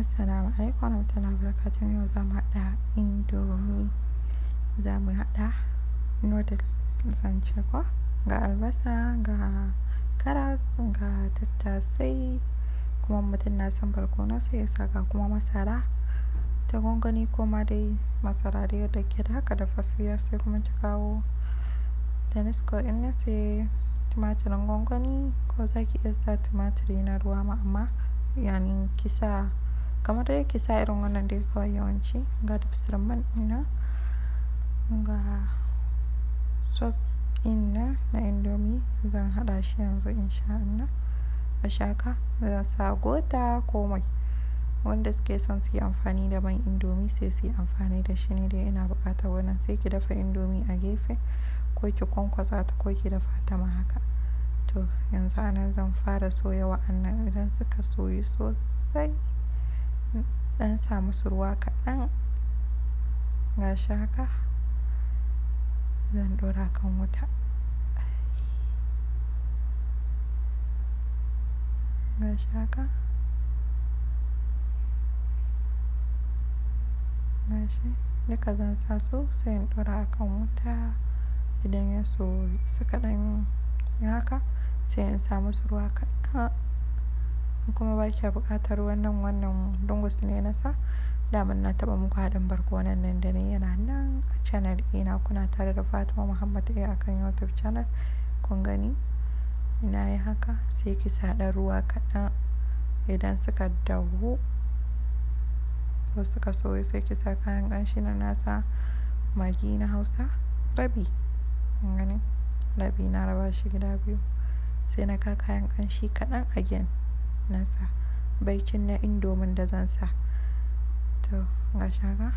Assalamu alaikum warahmatullahi wabarakatuh yau za mu haɗa indomi za mu haɗa noodle zance kwa ga albasa ga karas ga tattasai kuma mutum na son barkono sai ya sa ga kuma masara ta gwangwani ko ma dai masara dai yadda ke da haka dafaffiya sai kuma ta kawo tanisko in na sai tumatirin gwangwani ko za ki iya sa tumatiri na ruwa ma amma yani kisa kamar da yake sa irin wannan da kawai yawanci ga tafsirin man ina ga sos ina na indomi zan haɗa shi yanzu in sha ina a shaka za sa gota ko wanda suke son su yi amfani da man indomi sai su yi amfani da shi ne dai ina bukatar wannan sai ki dafa indomi a gefe ko ki kwankwasa ta ko ki dafa ta ma haka to yanzu anan zan fara soya wa'annan idan suka soyu sosai ɗan sa musu ruwa kaɗan gashi haka zan ɗora kan wuta ga haka gashi duka zan sa su sai in ɗora kan wuta idan ya so suka ɗan haka sai in sa musu ruwa kaɗan kuma ba kya buƙatar wannan wannan dungus ne na sa daman na taɓa muku haɗin barkonan nan da ne yana nan a channel ina kuna tare da fatima muhammad a akan youtube channel kun gani ina yi haka sai ki saɗa ruwa kaɗan idan suka dahu ko suka soyu sai ki sa kayan ƙanshi na nasa magi na hausa rabi gani rabi na raba shi gida biyu sai na ka kayan ƙanshi kaɗan again nasa baicin na indomin da zan sa to ga shaka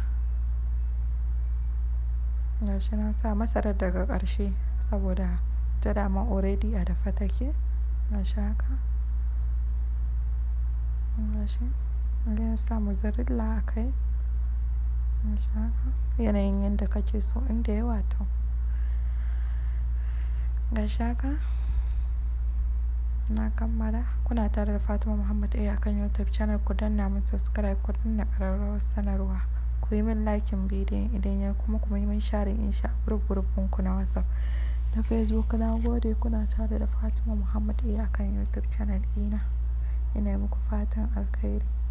ga shi na sa masarar daga ƙarshe saboda ta dama already a dafa take ga shaka ga shi zan sa mozzarella a kai ga shaka yanayin yadda kake so inda yawa to ga shaka na kammala. Kuna tare da Fatima Muhammad A akan YouTube channel ku danna mun subscribe ku danna ƙararrawar sanarwa. Ku yi min likin bidiyon idan ya kuma ku yi min sharing in sha group na WhatsApp. Na Facebook na gode kuna tare da Fatima Muhammad A kan YouTube channel ɗina. Ina muku fatan alkhairi.